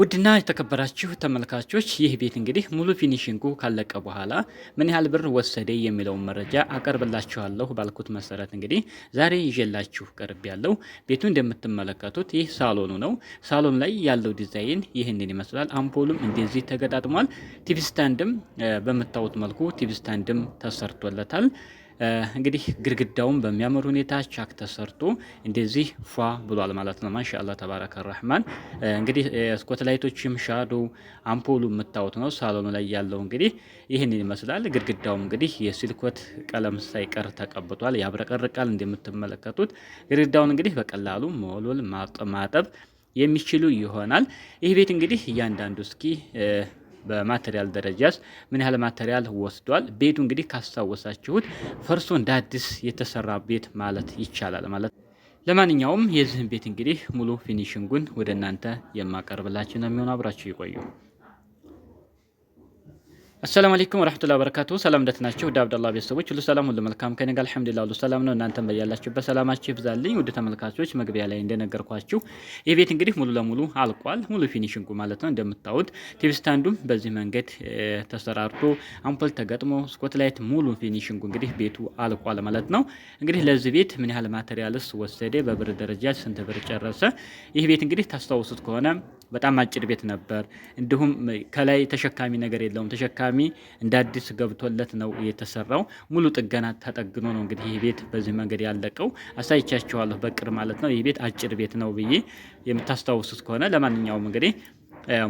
ውድና የተከበራችሁ ተመልካቾች ይህ ቤት እንግዲህ ሙሉ ፊኒሽንጉ ካለቀ በኋላ ምን ያህል ብር ወሰደ የሚለውን መረጃ አቀርብላችኋለሁ ባልኩት መሰረት እንግዲህ ዛሬ ይዤላችሁ ቀርብ ያለው ቤቱ እንደምትመለከቱት ይህ ሳሎኑ ነው። ሳሎን ላይ ያለው ዲዛይን ይህንን ይመስላል። አምፖሉም እንደዚህ ተገጣጥሟል። ቲቪ ስታንድም በምታዩት መልኩ ቲቪ ስታንድም ተሰርቶለታል። እንግዲህ ግድግዳውን በሚያምር ሁኔታ ቻክ ተሰርቶ እንደዚህ ፏ ብሏል ማለት ነው። ማሻአላ ተባረከ ራህማን። እንግዲህ ስኮትላይቶችም ሻዶ አምፖሉ የምታወት ነው። ሳሎኑ ላይ ያለው እንግዲህ ይህን ይመስላል። ግድግዳውም እንግዲህ የሲልኮት ቀለም ሳይቀር ተቀብቷል፣ ያብረቀርቃል። እንደምትመለከቱት ግድግዳውን እንግዲህ በቀላሉ መወልወል ማጠብ የሚችሉ ይሆናል። ይህ ቤት እንግዲህ እያንዳንዱ እስኪ በማቴሪያል ደረጃስ ምን ያህል ማቴሪያል ወስዷል? ቤቱ እንግዲህ ካስታወሳችሁት ፈርሶ እንደ አዲስ የተሰራ ቤት ማለት ይቻላል ማለት ለማንኛውም የዚህን ቤት እንግዲህ ሙሉ ፊኒሽንጉን ወደ እናንተ የማቀርብላችሁ ነው የሚሆነው። አብራችሁ ይቆዩ። አሰላሙ አለይኩም ወራህመቱላሂ ወበረካቱ። ሰላም እንደት ናችሁ? ውድ አብደላ ቤተሰቦች ሁሉ ሰላም ሁሉ መልካም ከኔ ጋር አልሐምዱሊላህ ሁሉ ሰላም ነው። እናንተም በያላችሁበት ሰላማችሁ ይብዛልኝ። ውድ ተመልካቾች መግቢያ ላይ እንደነገርኳችሁ ይህ ቤት እንግዲህ ሙሉ ለሙሉ አልቋል። ሙሉ ፊኒሽንጉ ማለት ነው። እንደምታዩት ቲቪ ስታንዱም በዚህ መንገድ ተሰራርቶ አምፖል ተገጥሞ ስኮት ላይት ሙሉ ፊኒሽንጉ እንግዲህ ቤቱ አልቋል ማለት ነው። እንግዲህ ለዚህ ቤት ምን ያህል ማቴሪያልስ ወሰደ፣ በብር ደረጃ ስንት ብር ጨረሰ? ይህ ቤት እንግዲህ ታስታውሱት ከሆነ በጣም አጭር ቤት ነበር። እንዲሁም ከላይ ተሸካሚ ነገር የለውም ተሸካሚ አጋጣሚ እንደ አዲስ ገብቶለት ነው የተሰራው። ሙሉ ጥገና ተጠግኖ ነው እንግዲህ ይህ ቤት በዚህ መንገድ ያለቀው። አሳይቻችኋለሁ በቅር ማለት ነው። ይህ ቤት አጭር ቤት ነው ብዬ የምታስታውሱት ከሆነ ለማንኛውም እንግዲህ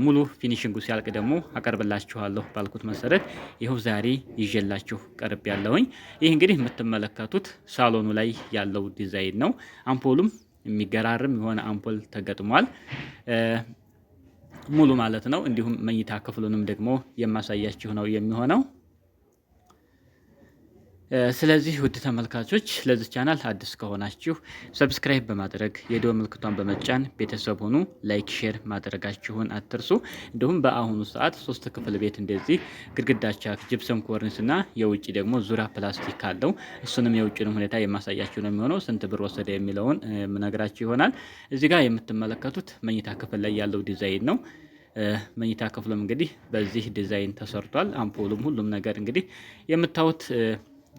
ሙሉ ፊኒሽንጉ ሲያልቅ ደግሞ አቀርብላችኋለሁ ባልኩት መሰረት ይኸው ዛሬ ይዤላችሁ ቀርብ ያለሁኝ። ይህ እንግዲህ የምትመለከቱት ሳሎኑ ላይ ያለው ዲዛይን ነው። አምፖሉም የሚገራርም የሆነ አምፖል ተገጥሟል። ሙሉ ማለት ነው። እንዲሁም መኝታ ክፍሉንም ደግሞ የማሳያችሁ ነው የሚሆነው። ስለዚህ ውድ ተመልካቾች ለዚህ ቻናል አዲስ ከሆናችሁ ሰብስክራይብ በማድረግ የደወል ምልክቷን በመጫን ቤተሰብ ሆኑ፣ ላይክ፣ ሼር ማድረጋችሁን አትርሱ። እንዲሁም በአሁኑ ሰዓት ሶስት ክፍል ቤት እንደዚህ ግድግዳቻ ጅብሰም ኮርኒስ እና የውጭ ደግሞ ዙሪያ ፕላስቲክ አለው። እሱንም የውጭንም ሁኔታ የማሳያችሁ ነው የሚሆነው። ስንት ብር ወሰደ የሚለውን ምነግራችሁ ይሆናል። እዚህ ጋር የምትመለከቱት መኝታ ክፍል ላይ ያለው ዲዛይን ነው። መኝታ ክፍሉም እንግዲህ በዚህ ዲዛይን ተሰርቷል። አምፖሉም ሁሉም ነገር እንግዲህ የምታዩት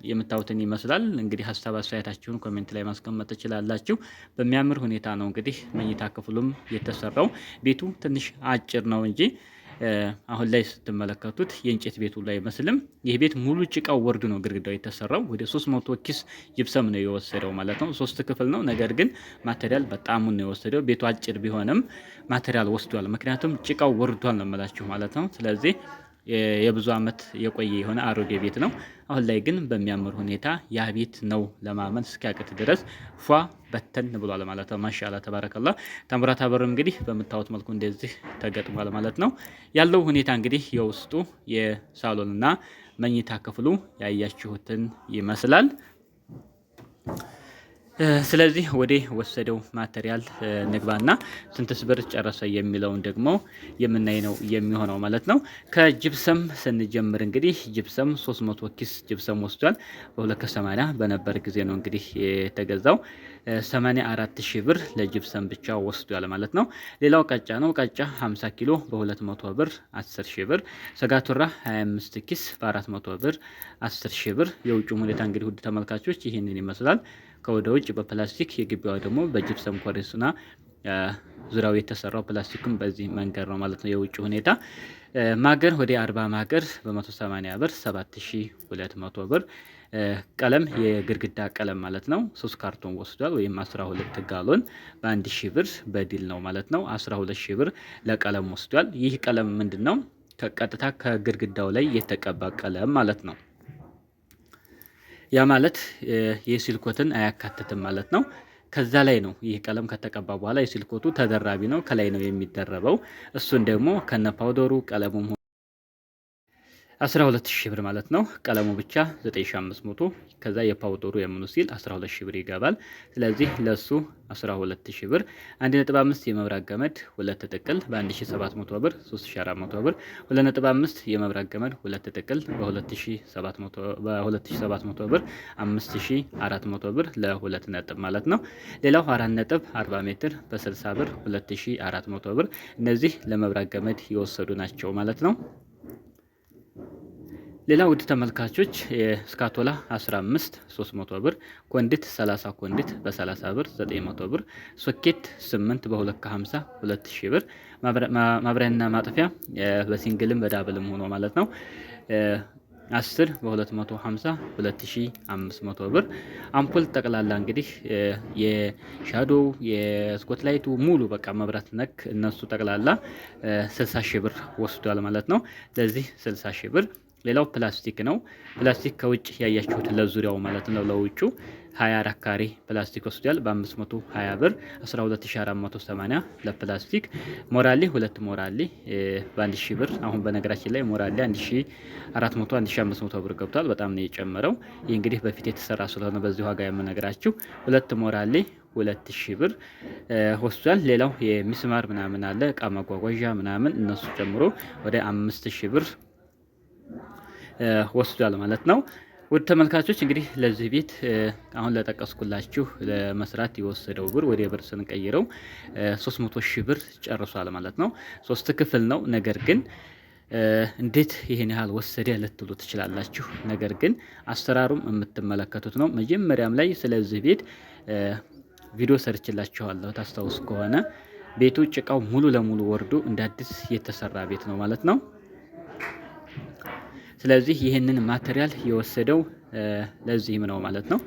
የምታዩትን ይመስላል። እንግዲህ ሀሳብ አስተያየታችሁን ኮሜንት ላይ ማስቀመጥ ትችላላችሁ። በሚያምር ሁኔታ ነው እንግዲህ መኝታ ክፍሉም የተሰራው። ቤቱ ትንሽ አጭር ነው እንጂ አሁን ላይ ስትመለከቱት የእንጨት ቤቱ ላይ አይመስልም። ይህ ቤት ሙሉ ጭቃው ወርድ ነው ግድግዳው የተሰራው። ወደ 300 ኪስ ጅብሰም ነው የወሰደው ማለት ነው። ሶስት ክፍል ነው። ነገር ግን ማቴሪያል በጣም ነው የወሰደው። ቤቱ አጭር ቢሆንም ማቴሪያል ወስዷል። ምክንያቱም ጭቃው ወርዷል ነው የምላችሁ ማለት ነው። ስለዚህ የብዙ ዓመት የቆየ የሆነ አሮጌ ቤት ነው። አሁን ላይ ግን በሚያምር ሁኔታ ያ ቤት ነው ለማመን እስኪያቅት ድረስ ፏ በተን ብሏል ማለት ነው። ማሻላ ተባረከላ። ታምራት በር እንግዲህ በምታወት መልኩ እንደዚህ ተገጥሟል ማለት ነው። ያለው ሁኔታ እንግዲህ የውስጡ የሳሎንና መኝታ ክፍሉ ያያችሁትን ይመስላል። ስለዚህ ወዴ ወሰደው ማቴሪያል ንግባና ስንትስ ብር ጨረሰ የሚለውን ደግሞ የምናይ ነው የሚሆነው ማለት ነው። ከጅብሰም ስንጀምር እንግዲህ ጅብሰም 300 ኪስ ጅብሰም ወስዷል። በ280 በነበር ጊዜ ነው እንግዲህ የተገዛው 84 ሺህ ብር ለጅብሰም ብቻ ወስዷል ማለት ነው። ሌላው ቀጫ ነው። ቀጫ 50 ኪሎ በ200 ብር 10 ሺህ ብር። ሰጋቱራ 25 ኪስ በ400 ብር 10 ሺህ ብር። የውጭ ሁኔታ እንግዲህ ውድ ተመልካቾች ይህንን ይመስላል። ከወደ ውጭ በፕላስቲክ የግቢዋ ደግሞ በጅፕሰም ኮርኒስና ዙሪያው የተሰራው ፕላስቲክም በዚህ መንገድ ነው ማለት ነው። የውጭ ሁኔታ ማገር ወደ አርባ ማገር በ180 ብር 7200 ብር። ቀለም የግድግዳ ቀለም ማለት ነው። ሶስት ካርቶን ወስዷል ወይም 12 ጋሎን በአንድ ሺህ ብር በዲል ነው ማለት ነው። 12 ብር ለቀለም ወስዷል። ይህ ቀለም ምንድን ነው? ከቀጥታ ከግድግዳው ላይ የተቀባ ቀለም ማለት ነው። ያ ማለት የሲልኮትን አያካትትም ማለት ነው። ከዛ ላይ ነው ይህ ቀለም ከተቀባ በኋላ የሲልኮቱ ተደራቢ ነው፣ ከላይ ነው የሚደረበው። እሱን ደግሞ ከነ ፓውደሩ ቀለሙም 12000 ብር ማለት ነው። ቀለሙ ብቻ 9500 ከዛ የፓውደሩ የምኑ ሲል 12000 ብር ይገባል። ስለዚህ ለሱ 12000 ብር 1.5 የመብራት ገመድ ሁለት ጥቅል በ1700 ብር 3400 ብር 2.5 የመብራት ገመድ ሁለት ጥቅል በ2700 ብር 5400 ብር ለ2 ነጥብ ማለት ነው። ሌላው 4.40 ሜትር በ60 ብር 2400 ብር እነዚህ ለመብራት ገመድ የወሰዱ ናቸው ማለት ነው። ሌላ ውድ ተመልካቾች የስካቶላ 15 300 ብር፣ ኮንዲት 30 ኮንዲት በ30 ብር 900 ብር፣ ሶኬት 8 በ 250 ከ 2000 ብር፣ ማብሪያና ማጥፊያ በሲንግልም በዳብልም ሆኖ ማለት ነው 10 በ250 2500 ብር። አምፖል ጠቅላላ እንግዲህ የሻዶው የስኮትላይቱ ሙሉ በቃ መብራት ነክ እነሱ ጠቅላላ 60 ሺህ ብር ወስዷል ማለት ነው። ለዚህ 60 ሺህ ብር ሌላው ፕላስቲክ ነው። ፕላስቲክ ከውጭ ያያችሁት ለዙሪያው ማለት ነው ለውጩ 24 ካሬ ፕላስቲክ ወስዷል በ520 ብር 12480 ለፕላስቲክ። ሞራሌ ሁለት ሞራሌ በ1000 ብር። አሁን በነገራችን ላይ ሞራሌ 1400 1500 ብር ገብቷል። በጣም ነው የጨመረው። ይህ እንግዲህ በፊት የተሰራ ስለሆነ በዚህ ዋጋ የምነግራችሁ ሁለት ሞራሌ ሁለት ብር ወስዷል። ሌላው የሚስማር ምናምን አለ እቃ ማጓጓዣ ምናምን እነሱ ጨምሮ ወደ 5000 ብር ወስዷል ማለት ነው። ውድ ተመልካቾች እንግዲህ ለዚህ ቤት አሁን ለጠቀስኩላችሁ ለመስራት የወሰደው ብር ወደ ብር ስንቀይረው 300 ሺህ ብር ጨርሷል ማለት ነው። ሶስት ክፍል ነው። ነገር ግን እንዴት ይህን ያህል ወሰደ ልትሉ ትችላላችሁ። ነገር ግን አሰራሩም የምትመለከቱት ነው። መጀመሪያም ላይ ስለዚህ ቤት ቪዲዮ ሰርችላችኋለሁ ታስታውስ ከሆነ ቤቱ ጭቃው ሙሉ ለሙሉ ወርዶ እንደ አዲስ የተሰራ ቤት ነው ማለት ነው። ስለዚህ ይህንን ማቴሪያል የወሰደው ለዚህም ነው ማለት ነው።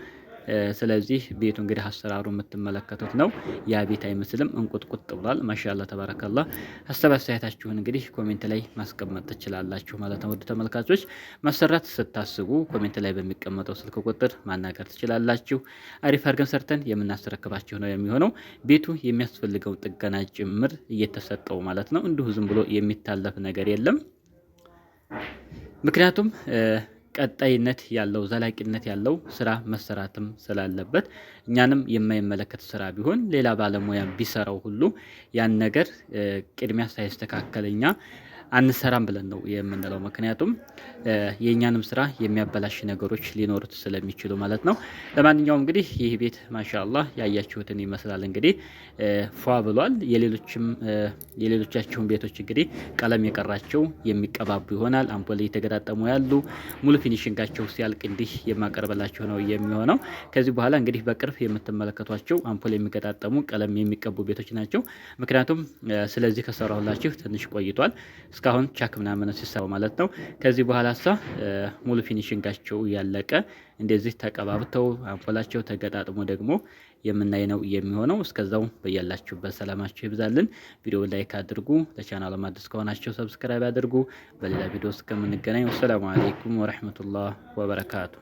ስለዚህ ቤቱ እንግዲህ አሰራሩ የምትመለከቱት ነው። ያ ቤት አይመስልም፣ እንቁጥቁጥ ብሏል። ማሻላ ተባረከላ። ሀሳብ አስተያየታችሁን እንግዲህ ኮሜንት ላይ ማስቀመጥ ትችላላችሁ ማለት ነው። ውድ ተመልካቾች መሰራት ስታስቡ ኮሜንት ላይ በሚቀመጠው ስልክ ቁጥር ማናገር ትችላላችሁ። አሪፍ አድርገን ሰርተን የምናስረክባችሁ ነው የሚሆነው። ቤቱ የሚያስፈልገው ጥገና ጭምር እየተሰጠው ማለት ነው። እንዲሁ ዝም ብሎ የሚታለፍ ነገር የለም። ምክንያቱም ቀጣይነት ያለው ዘላቂነት ያለው ስራ መሰራትም ስላለበት እኛንም የማይመለከት ስራ ቢሆን ሌላ ባለሙያ ቢሰራው ሁሉ ያን ነገር ቅድሚያ ሳይስተካከል እኛ አንሰራም ብለን ነው የምንለው። ምክንያቱም የእኛንም ስራ የሚያበላሽ ነገሮች ሊኖሩት ስለሚችሉ ማለት ነው። ለማንኛውም እንግዲህ ይህ ቤት ማሻላ ያያችሁትን ይመስላል። እንግዲህ ፏ ብሏል። የሌሎችም የሌሎቻችሁን ቤቶች እንግዲህ ቀለም የቀራቸው የሚቀባቡ ይሆናል። አምፖል እየተገጣጠሙ ያሉ ሙሉ ፊኒሽንጋቸው ሲያልቅ እንዲህ የማቀርበላቸው ነው የሚሆነው። ከዚህ በኋላ እንግዲህ በቅርብ የምትመለከቷቸው አምፖል የሚገጣጠሙ ቀለም የሚቀቡ ቤቶች ናቸው። ምክንያቱም ስለዚህ ከሰራሁላችሁ ትንሽ ቆይቷል። እስካሁን ቻክ ምናምን ሲሰራው ማለት ነው። ከዚህ በኋላ ሳ ሙሉ ፊኒሽንጋቸው እያለቀ እንደዚህ ተቀባብተው አምፖላቸው ተገጣጥሞ ደግሞ የምናይ ነው የሚሆነው። እስከዛው በያላችሁበት ሰላማችሁ ይብዛልን። ቪዲዮ ላይክ አድርጉ። ለቻናሉ አዲስ ከሆናችሁ ሰብስክራይብ አድርጉ። በሌላ ቪዲዮ እስከምንገናኝ ወሰላሙ አሌይኩም ወረህመቱላህ ወበረካቱ።